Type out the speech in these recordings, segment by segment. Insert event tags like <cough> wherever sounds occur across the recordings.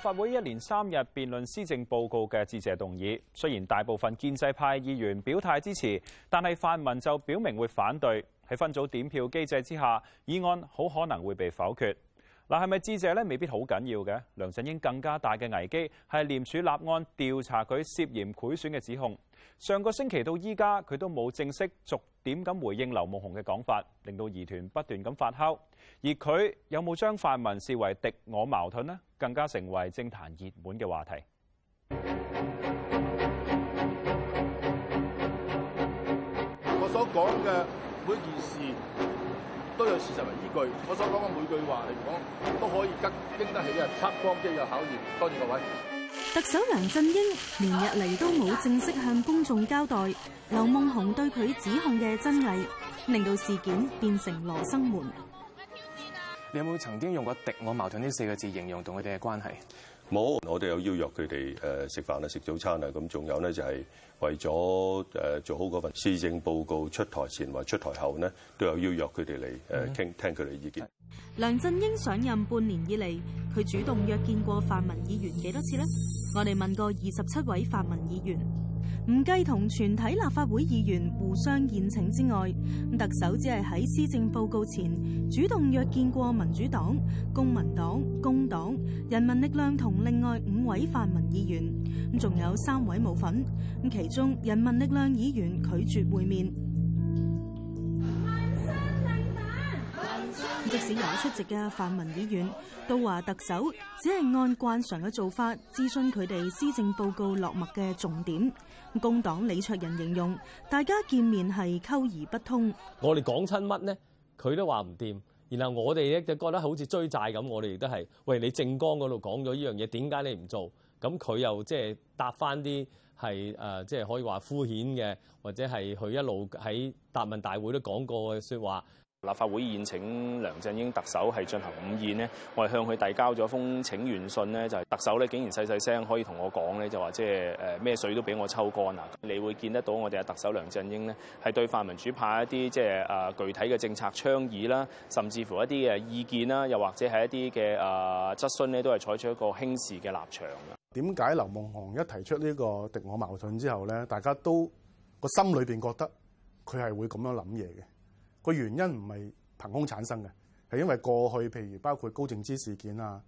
法會一連三日辯論施政報告嘅致謝動議，雖然大部分建制派議員表態支持，但係泛民就表明會反對。喺分組點票機制之下，議案好可能會被否決。嗱，係咪致謝呢？未必好緊要嘅。梁振英更加大嘅危機係廉署立案調查佢涉嫌賄選嘅指控。上個星期到依家，佢都冇正式逐點咁回應劉夢熊嘅講法，令到疑團不斷咁發酵。而佢有冇將泛民視為敵我矛盾呢？更加成為政壇熱門嘅話題。我所講嘅每件事都有事實為依據，我所講嘅每句話嚟講都可以經得起啊測光機嘅考驗。多謝各位。特首梁振英連日嚟都冇正式向公眾交代劉夢熊對佢指控嘅真偽，令到事件變成羅生門。你有冇曾經用過敵我矛盾呢四個字形容同佢哋嘅關係？冇，我哋有邀約佢哋誒食飯啊、食早餐啊，咁仲有咧就係為咗誒做好嗰份施政報告出台前或出台後呢，都有邀約佢哋嚟誒傾聽佢哋意見。梁振英上任半年以嚟，佢主動約見過泛民議員幾多次咧？我哋問過二十七位泛民議員。唔計同全體立法會議員互相宴請之外，特首只係喺施政報告前主動約見過民主黨、公民黨、工黨、人民力量同另外五位泛民議員，仲有三位冇份，其中人民力量議員拒絕會面。即使有出席嘅泛民議員都話，特首只係按慣常嘅做法諮詢佢哋施政報告落墨嘅重點。工黨李卓人形容，大家見面係溝而不通。我哋講親乜呢？佢都話唔掂。然後我哋咧就覺得好似追債咁，我哋都係，喂，你政綱嗰度講咗呢樣嘢，點解你唔做？咁佢又即係答翻啲係誒，即係、呃就是、可以話敷衍嘅，或者係佢一路喺答問大會都講過嘅說話。立法會宴請梁振英特首係進行午宴呢，我哋向佢遞交咗封請願信呢，就係特首咧竟然細細聲可以同我講咧，就話即係誒咩水都俾我抽乾啊！你會見得到我哋嘅特首梁振英呢，係對泛民主派一啲即係啊具體嘅政策倡議啦，甚至乎一啲嘅意見啦，又或者係一啲嘅啊質詢咧，都係採取一個輕視嘅立場嘅。點解劉夢熊一提出呢個敵我矛盾之後咧，大家都個心裏邊覺得佢係會咁樣諗嘢嘅？個原因唔係憑空產生嘅，係因為過去譬如包括高靜芝事件啊、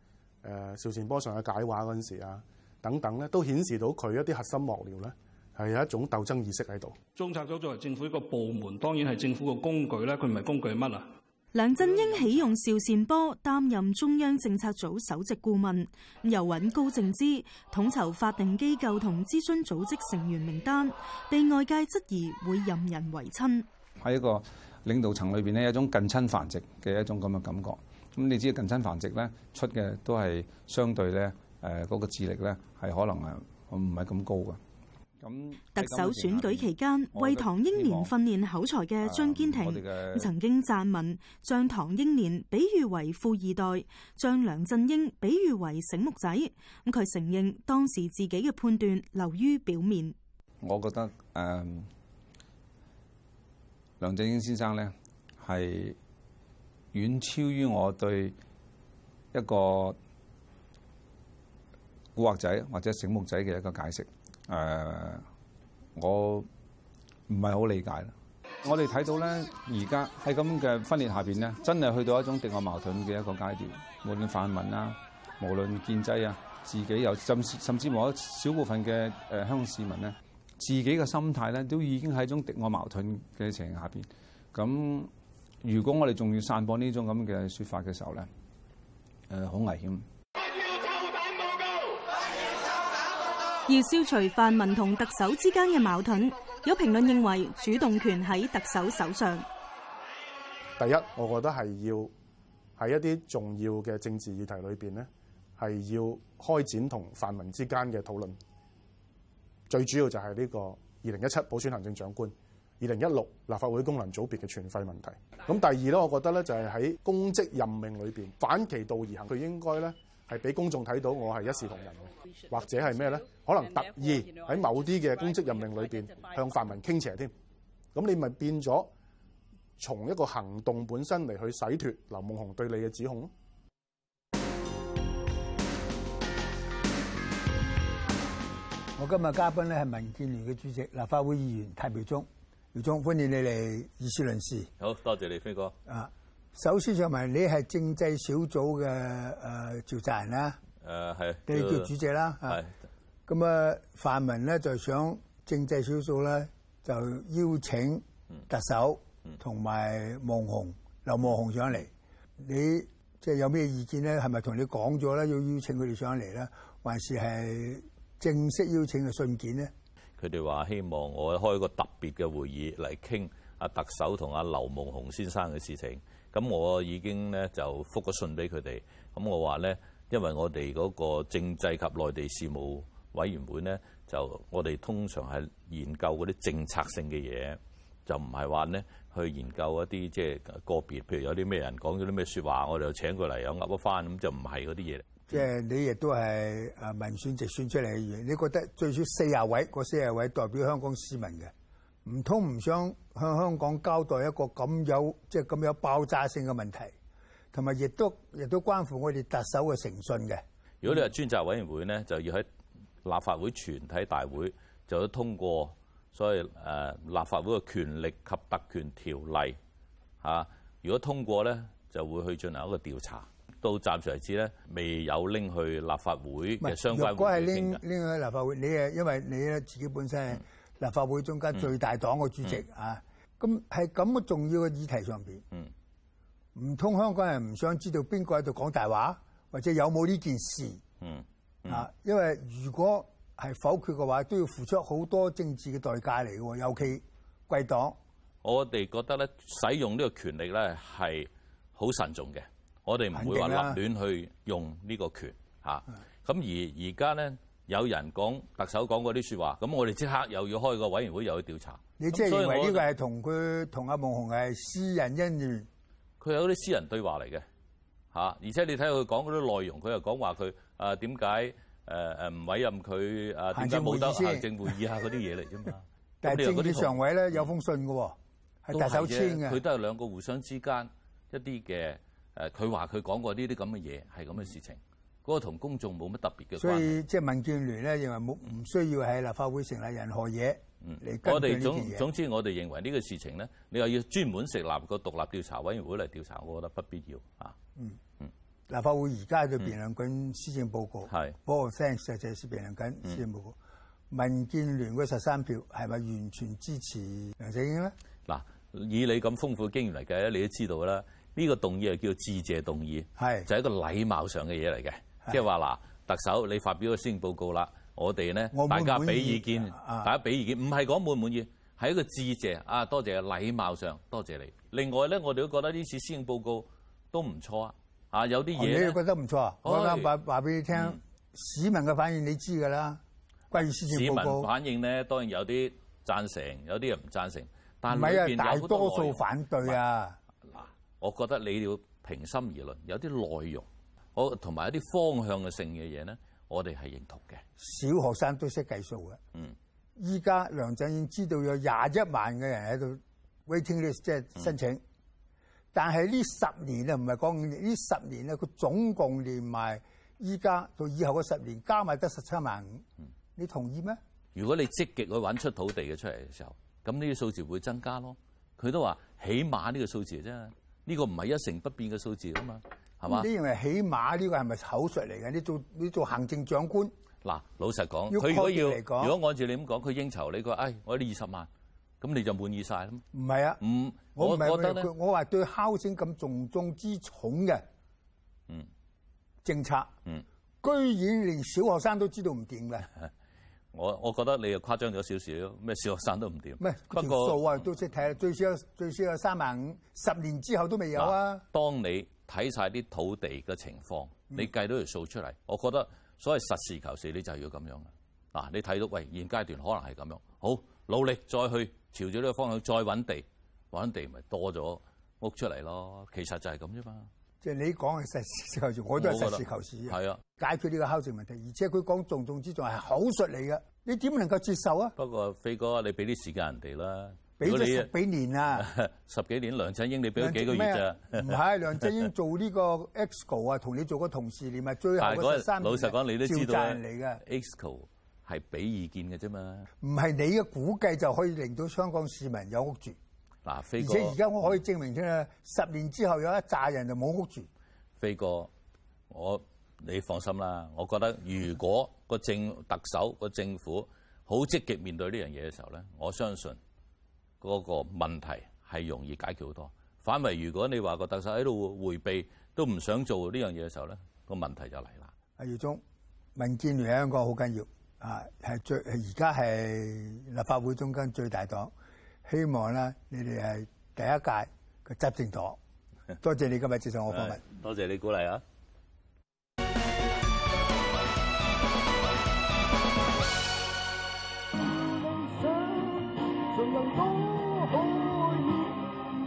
誒邵善波上嘅解畫嗰陣時啊等等咧，都顯示到佢一啲核心幕僚咧係有一種鬥爭意識喺度。中策組作為政府一個部門，當然係政府個工具咧，佢唔係工具乜啊？梁振英起用邵善波擔任中央政策組首席顧問，又揾高靜芝統籌法定機構同諮詢組織成員名單，被外界質疑會任人為親係一個。領導層裏邊咧，有一種近親繁殖嘅一種咁嘅感覺，咁你知道近親繁殖咧，出嘅都係相對咧誒嗰個智力咧係可能係唔係咁高㗎。咁特首選舉期間，為唐英年訓練口才嘅張堅庭曾經撰文，將唐英年比喻為富二代，將梁振英比喻為醒目仔。咁佢承認當時自己嘅判斷流於表面。我覺得誒。呃梁振英先生咧，係遠超於我對一個蠱惑仔或者醒目仔嘅一個解釋。誒、呃，我唔係好理解。我哋睇到咧，而家喺咁嘅分裂下邊咧，真係去到一種敵我矛盾嘅一個階段。無論泛民啊，無論建制啊，自己又甚甚至乎有一小部分嘅誒香港市民咧。自己嘅心態咧，都已經係一種敵我矛盾嘅情形下邊。咁如果我哋仲要散播呢種咁嘅説法嘅時候咧，誒、呃、好危險。要消除泛民同特首之間嘅矛盾，有評論認為主動權喺特首手上。第一，我覺得係要喺一啲重要嘅政治議題裏邊咧，係要開展同泛民之間嘅討論。最主要就係呢個二零一七普選行政長官，二零一六立法會功能組別嘅存廢問題。咁第二咧，我覺得咧就係、是、喺公職任命裏邊反其道而行，佢應該咧係俾公眾睇到我係一視同仁，或者係咩咧？可能特意喺某啲嘅公職任命裏邊向泛民傾斜添。咁你咪變咗從一個行動本身嚟去洗脫劉夢熊對你嘅指控咯？我今日嘉賓咧係民建聯嘅主席立法會議員譚耀宗，耀宗歡迎你嚟議事論事。好多謝你，飛哥。啊，首先就問你係政制小組嘅誒召集人啦。誒、呃、係。你叫、就是、主席啦。係。咁啊，泛民咧就想政制小組咧就邀請特首同埋夢熊、劉夢熊上嚟。你即係、就是、有咩意見咧？係咪同你講咗咧？要邀請佢哋上嚟咧，還是係？正式邀請嘅信件呢，佢哋話希望我開個特別嘅會議嚟，傾阿特首同阿劉夢熊先生嘅事情。咁我已經呢，就覆個信俾佢哋。咁我話呢，因為我哋嗰個政制及內地事務委員會呢，就我哋通常係研究嗰啲政策性嘅嘢。就唔係話咧去研究一啲即係個別，譬如有啲咩人講咗啲咩説話，我哋又請過嚟又噏一翻，咁就唔係嗰啲嘢。即係你亦都係誒民選直選出嚟嘅議員，你覺得最少四廿位，個四廿位代表香港市民嘅，唔通唔想向香港交代一個咁有即係咁有爆炸性嘅問題，同埋亦都亦都關乎我哋特首嘅誠信嘅。如果你係專責委員會咧，就要喺立法會全體大會就要通過。所以誒，立法會嘅權力及特權條例嚇、啊，如果通過咧，就會去進行一個調查。到暫時為止咧，未有拎去立法會嘅相關。如果係拎拎去立法會，你誒，因為你咧自己本身係立法會中間最大黨嘅主席啊，咁係咁重要嘅議題上邊，嗯、唔通香港人唔想知道邊個喺度講大話，或者有冇呢件事？啊、嗯嗯，因為如果係否決嘅話，都要付出好多政治嘅代價嚟嘅喎，尤其貴黨。我哋覺得咧，使用呢個權力咧係好慎重嘅，我哋唔會話立亂去用呢個權嚇。咁而而家咧，有人講特首講嗰啲説話，咁我哋即刻又要開個委員會，又要調查。你即係認為呢個係同佢同阿夢熊係私人恩怨？佢有啲私人對話嚟嘅嚇，而且你睇佢講嗰啲內容，佢又講話佢誒點解？誒、呃、誒，委任佢誒點解冇得行政會議下嗰啲嘢嚟啫嘛？ <laughs> 啊、 <laughs> 但係政常委咧有封信嘅喎，係、嗯、大手簽嘅。佢都係兩個互相之間一啲嘅誒，佢話佢講過呢啲咁嘅嘢係咁嘅事情，嗰個同公眾冇乜特別嘅關係。所以即係民建聯咧，認為冇唔需要喺立法會成立任何嘢。嗯，我哋總總之我哋認為呢個事情咧，你話要專門成立個獨立調查委員會嚟調查，我覺得不必要啊。嗯嗯。立法會而家就辯論緊施政報告，嗰個 thanks 就係辯論緊施政報告。嗯、民建聯嗰十三票係咪完全支持梁振英咧？嗱，以你咁豐富嘅經驗嚟計咧，你都知道啦。呢、呢個動議係叫致謝動議，係就係、係、一個禮貌上嘅嘢嚟嘅，即係話嗱，特首你發表咗施政報告啦，我哋咧大家俾意見，啊、大家俾意見，唔係講滿唔滿意，係一個致謝啊，多謝啊，禮貌上多謝你。另外咧，我哋都覺得呢次施政報告都唔錯啊。有啊，有啲嘢，你覺得唔錯。我啱啱話話俾你聽，市民嘅反應你知㗎啦。關於施政報告，市民反應咧，當然有啲贊成，有啲人唔贊成。唔係啊，大多數反對啊。嗱，我覺得你要平心而論，有啲內容，我同埋一啲方向性嘅嘢咧，我哋係認同嘅。小學生都識計數嘅。嗯，依家梁振英知道有廿一萬嘅人喺度 waiting list，即係申請。嗯但係呢十年啊，唔係講呢十年咧，佢總共連埋依家到以後嘅十年加埋得十七萬五。你同意咩？如果你積極去揾出土地嘅出嚟嘅時候，咁呢啲數字會增加咯。佢都話起碼呢個數字啫，呢、呢個唔係一成不變嘅數字啊嘛，係嘛、嗯？你認為起碼呢個係咪口述嚟嘅？你做你做行政長官嗱，老實講，佢如果要如果按照你咁講，佢應酬你個唉、哎，我呢二十萬。咁你就滿意晒啦？唔係啊，唔，我唔係覺得佢，我話對敲聲咁重中之重嘅，嗯，重重重政策嗯，嗯，居然連小學生都知道唔掂嘅，我我覺得你又誇張咗少少，咩小學生都唔掂，唔、啊、不過數啊都識睇，最少最少有三萬五，十年之後都未有啊。當你睇晒啲土地嘅情況，你計到條數出嚟，嗯，我覺得所謂實事求是，你就係要咁樣啊。嗱，你睇到喂，現階段可能係咁樣，好努力再去，朝咗呢個方向再揾地，揾地咪多咗屋出嚟咯。其實就係咁啫嘛。即係你講係實事求是，我都係實事求是。係啊，解決呢個敲盛問題，而且佢講重中之重係口述嚟嘅，你點能夠接受啊？不過飛哥，你俾啲時間人哋啦。俾咗十幾年啊！十幾年， <laughs> 十幾年梁振英，你俾咗幾個月咋？唔係梁振英做呢個 EXCO 啊，同你做個同事，你咪最後嗰三老實講，你都知道咧。係俾意見嘅啫嘛，唔係你嘅估計就可以令到香港市民有屋住。嗱、啊，飛哥，而且而家我可以證明咗咧、嗯，十年之後有一紮人就冇屋住。飛哥，我你放心啦，我覺得如果個政特首個政府好積極面對呢樣嘢嘅時候咧，我相信嗰個問題係容易解決好多。反為如果你話個特首喺度迴避，都唔想做呢樣嘢嘅時候咧，個問題就嚟啦。阿耀宗，民建聯喺香港好緊要。啊，係最而家係立法會中間最大黨，希望咧你哋係第一屆嘅執政黨。多謝你今日接受我的訪問。 <laughs> <laughs> 多謝你鼓勵啊！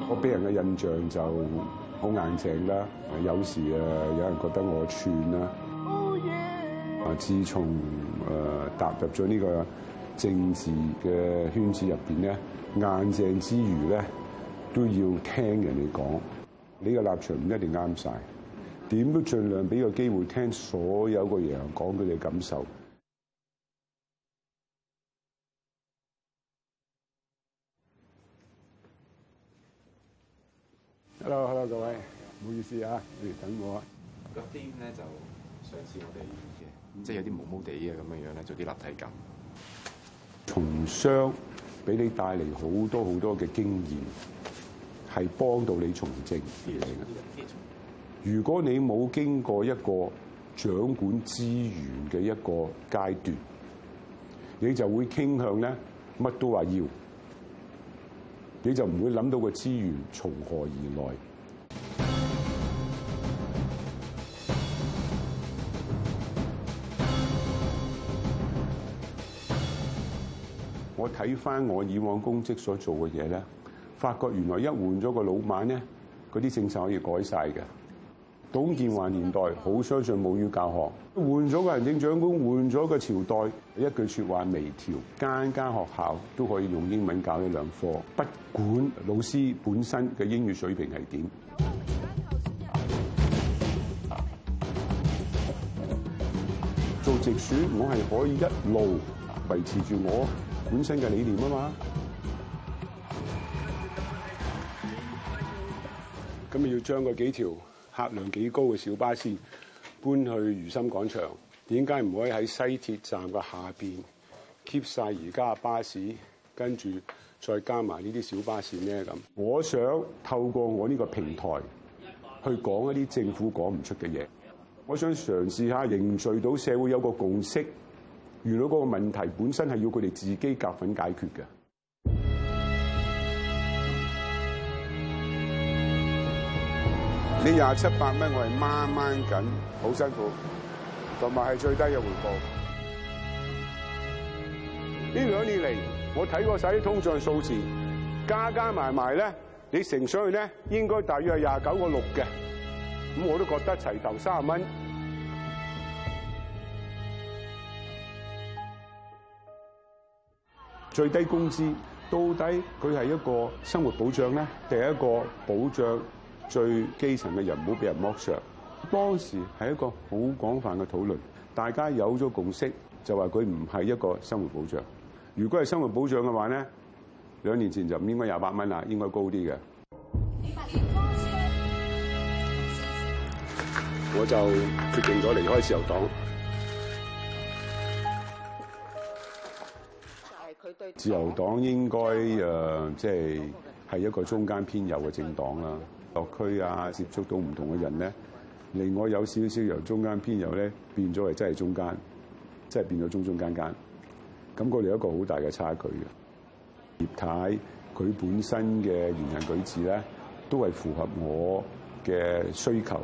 我俾人嘅印象就好硬淨啦，有時啊，有人覺得我串啦。自從誒、呃、踏入咗呢個政治嘅圈子入邊咧，硬淨之餘咧，都要聽人哋講。你個立場唔一定啱晒，點都盡量俾個機會聽所有嘅人講佢哋嘅感受。Hello，hello hello，各位，唔好意思啊，你哋等我。嗰啲咧就。上次我哋嘅，即係有啲毛毛地啊，咁樣樣咧，做啲立體感。從商俾你帶嚟好多好多嘅經驗，係幫到你從政。如果你冇經過一個掌管資源嘅一個階段，你就會傾向咧，乜都話要，你就唔會諗到個資源從何而來。睇翻我以往公職所做嘅嘢咧，發覺原來一換咗個老闆咧，嗰啲政策可以改晒嘅。董建華年代好相信母語教學，換咗個行政長官，換咗個朝代，一句說話微調，間間學校都可以用英文教一兩科，不管老師本身嘅英語水平係點。做直選，我係可以一路維持住我。本身嘅理念啊嘛，咁咪要將嗰幾條客量幾高嘅小巴線搬去如心廣場。點解唔可以喺西鐵站嘅下邊 keep 晒而家嘅巴士，跟住再加埋呢啲小巴線咧？咁我想透過我呢個平台去講一啲政府講唔出嘅嘢，我想嘗試下凝聚到社會有個共識。原來嗰個問題本身係要佢哋自己夾份解決嘅。你廿七八蚊，我係掹掹緊，好辛苦，同埋係最低嘅回報。呢兩年嚟，我睇過晒啲通脹數字，加加埋埋咧，你乘上去咧，應該大約係廿九個六嘅。咁我都覺得齊頭三十蚊。最低工資到底佢係一個生活保障咧，定係一個保障最基層嘅人唔好俾人剝削？當時係一個好廣泛嘅討論，大家有咗共識，就話佢唔係一個生活保障。如果係生活保障嘅話咧，兩年前就唔應該廿八蚊啦，應該高啲嘅。我就決定咗離開自由黨。自由黨應該誒，即係係一個中間偏右嘅政黨啦。落區啊，接觸到唔同嘅人咧，令我有少少由中間偏右咧，變咗係真係中間，即係變咗中中間間。咁佢哋有一個好大嘅差距嘅。葉太佢本身嘅言行舉止咧，都係符合我嘅需求，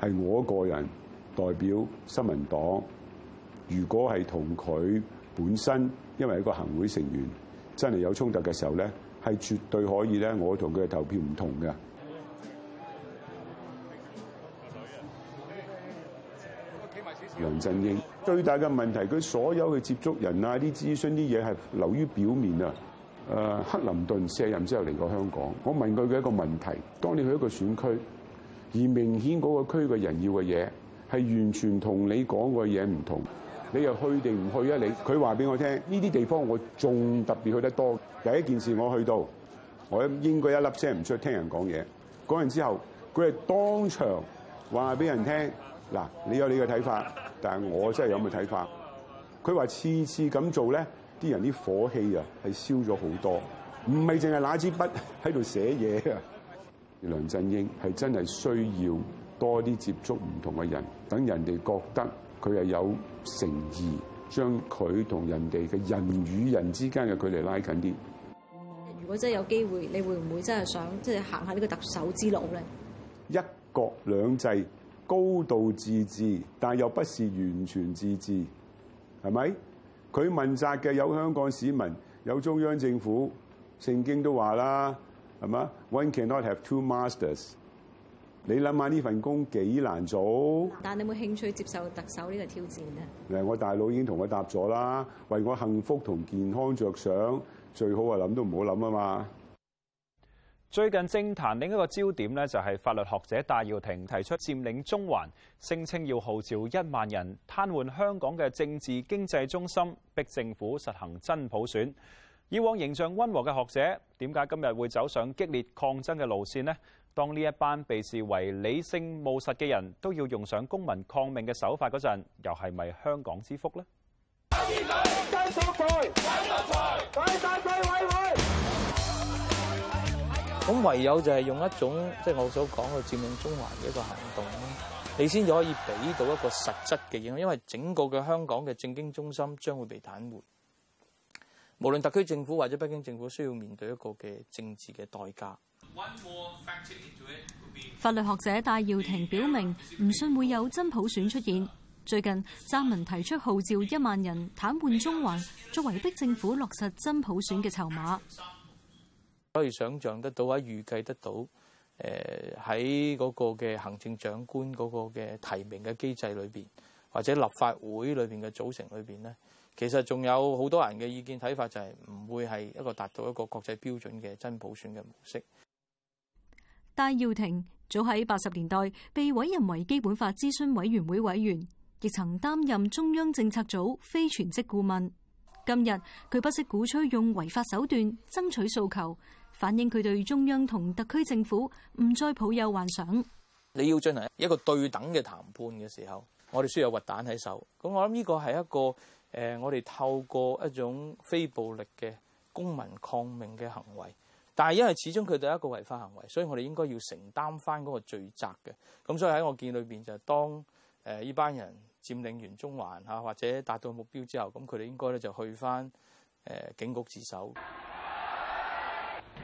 係我個人代表新民黨。如果係同佢本身因為一個行會成員真係有衝突嘅時候咧，係絕對可以咧，我同佢嘅投票唔同嘅。梁振英最大嘅問題，佢所有嘅接觸人啊，啲諮詢啲嘢係流於表面啊。誒，克林頓卸任之後嚟過香港，我問佢嘅一個問題，當你去一個選區，而明顯嗰個區嘅人要嘅嘢係完全同你講嘅嘢唔同。你又去定唔去啊？你佢話俾我聽，呢啲地方我仲特別去得多。第一件事我去到，我應該一粒聲唔出，聽人講嘢。講完之後，佢係當場話俾人聽：嗱，你有你嘅睇法，但係我真係有冇睇法。佢話次次咁做咧，啲人啲火氣啊係消咗好多，唔係淨係攞支筆喺度寫嘢啊。梁振英係真係需要多啲接觸唔同嘅人，等人哋覺得。佢係有誠意，將佢同人哋嘅人與人之間嘅距離拉近啲。如果真係有機會，你會唔會真係想即係行下呢個特首之路咧？一國兩制，高度自治，但又不是完全自治，係咪？佢問責嘅有香港市民，有中央政府。聖經都話啦，係嘛？One cannot have two masters. 你諗下呢份工幾難做？但你有冇興趣接受特首呢個挑戰呢？誒，我大佬已經同我答咗啦，為我幸福同健康着想，最好啊諗都唔好諗啊嘛。最近政壇另一個焦點呢，就係法律學者戴耀廷提出佔領中環，聲稱要號召一萬人癱瘓香港嘅政治經濟中心，逼政府實行真普選。以往形象溫和嘅學者，點解今日會走上激烈抗爭嘅路線呢？當呢一班被視為理性務實嘅人都要用上公民抗命嘅手法嗰陣，又係咪香港之福咧？咁唯有就係用一種即係、就是、我所講嘅佔領中環嘅一個行動，你先至可以俾到一個實質嘅影響，因為整個嘅香港嘅政經中心將會被癱瘓。無論特區政府或者北京政府需要面對一個嘅政治嘅代價。法律學者戴耀廷表明唔信會有真普選出現。最近，撰文提出號召一萬人癱瘓中環，作為逼政府落實真普選嘅籌碼。可以想像得到，喺預計得到誒喺嗰個嘅行政長官嗰個嘅提名嘅機制裏邊，或者立法會裏邊嘅組成裏邊呢，其實仲有好多人嘅意見睇法就係唔會係一個達到一個國際標準嘅真普選嘅模式。戴耀廷早喺八十年代被委任為基本法諮詢委員會委員，亦曾擔任中央政策組非全職顧問。今日佢不惜鼓吹用違法手段爭取訴求，反映佢對中央同特區政府唔再抱有幻想。你要進行一個對等嘅談判嘅時候，我哋需要有核彈喺手。咁我諗呢個係一個誒、呃，我哋透過一種非暴力嘅公民抗命嘅行為。但係因為始終佢哋一個違法行為，所以我哋應該要承擔翻嗰個罪責嘅。咁所以喺我見裏邊就係當誒呢班人佔領完中環吓或者達到目標之後，咁佢哋應該咧就去翻誒、呃、警局自首。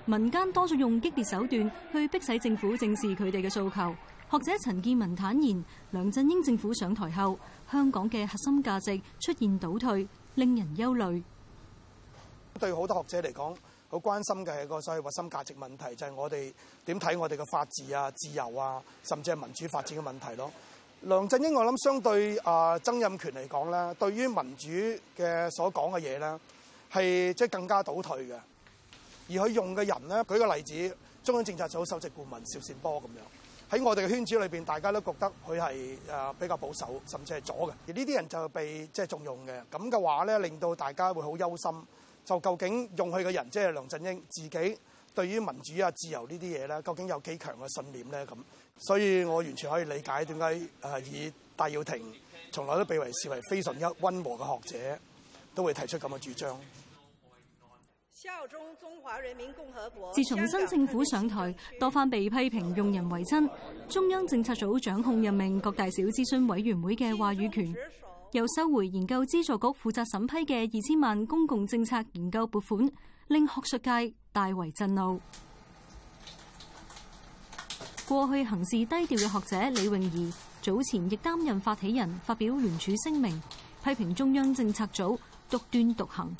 民間多咗用激烈手段去逼使政府正視佢哋嘅訴求。學者陳健民坦言，梁振英政府上台後香港嘅核心價值出現倒退，令人憂慮。對好多學者嚟講，好關心嘅係個所謂核心價值問題，就係、是、我哋點睇我哋嘅法治啊、自由啊，甚至係民主發展嘅問題咯。梁振英我諗相對啊曾蔭權嚟講咧，對於民主嘅所講嘅嘢咧，係即係更加倒退嘅。而佢用嘅人咧，舉個例子，中央政策組首席顧問邵善波咁樣，喺我哋嘅圈子裏面，大家都覺得佢係比較保守，甚至係左嘅。而呢啲人就被即係重用嘅，咁嘅話咧，令到大家會好憂心。就究竟用佢嘅人，即係梁振英自己對於民主啊、自由呢啲嘢咧，究竟有幾強嘅信念呢？咁，所以我完全可以理解點解誒，以戴耀廷從來都被視為非常一溫和嘅學者，都會提出咁嘅主張。中華人民共和國，自從新政府上台，多番被批評用人唯親，中央政策組掌控任命各大小諮詢委員會嘅話語權。又收回研究資助局負責審批嘅二千萬公共政策研究撥款，令學術界大為震怒。過去行事低調嘅學者李泳儀早前亦擔任發起人，發表聯署聲明，批評中央政策組獨斷獨行。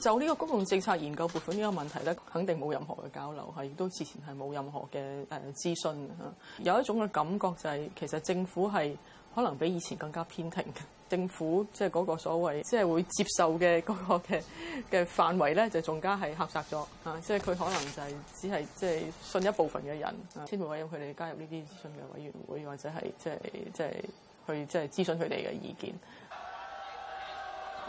就呢個公共政策研究撥款呢個問題咧，肯定冇任何嘅交流，係亦都之前係冇任何嘅誒諮詢，有一種嘅感覺就係、是、其實政府係。可能比以前更加偏聽嘅政府，即係嗰個所謂即係會接受嘅嗰個嘅嘅範圍咧，就仲加係狹窄咗啊！即係佢可能就係只係即係信一部分嘅人，啊，先會委任佢哋加入呢啲諮詢嘅委員會，或者係即係即係去即係諮詢佢哋嘅意見。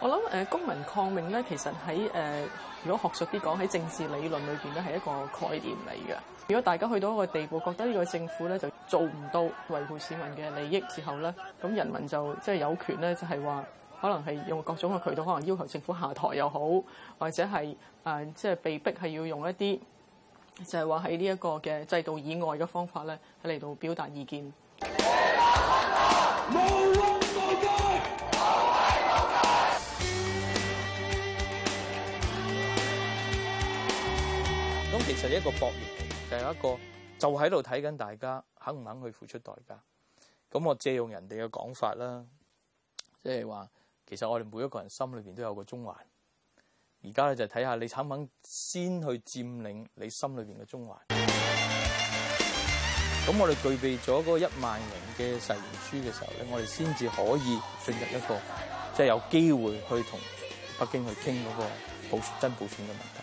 我諗、呃、公民抗命咧，其實喺、呃、如果學術啲講喺政治理論裏面咧係一個概念嚟嘅。如果大家去到一個地步，覺得呢個政府咧就做唔到維護市民嘅利益之後咧，咁人民就即係、就是、有權咧就係、是、話，可能係用各種嘅渠道，可能要求政府下台又好，或者係誒即係被逼係要用一啲就係話喺呢一個嘅制度以外嘅方法咧，係嚟到表達意見。其實一個博弈就係一個就喺度睇緊大家肯唔肯去付出代價，咁我借用人哋嘅講法啦，即係話其實我哋每一個人心裏邊都有個中環，而家咧就睇下你肯唔肯先去佔領你心裏邊嘅中環，咁我哋具備咗個一萬人嘅誓言書嘅時候咧，我哋先至可以進入一個即係、就是、有機會去同北京去傾個普選真普選嘅問題。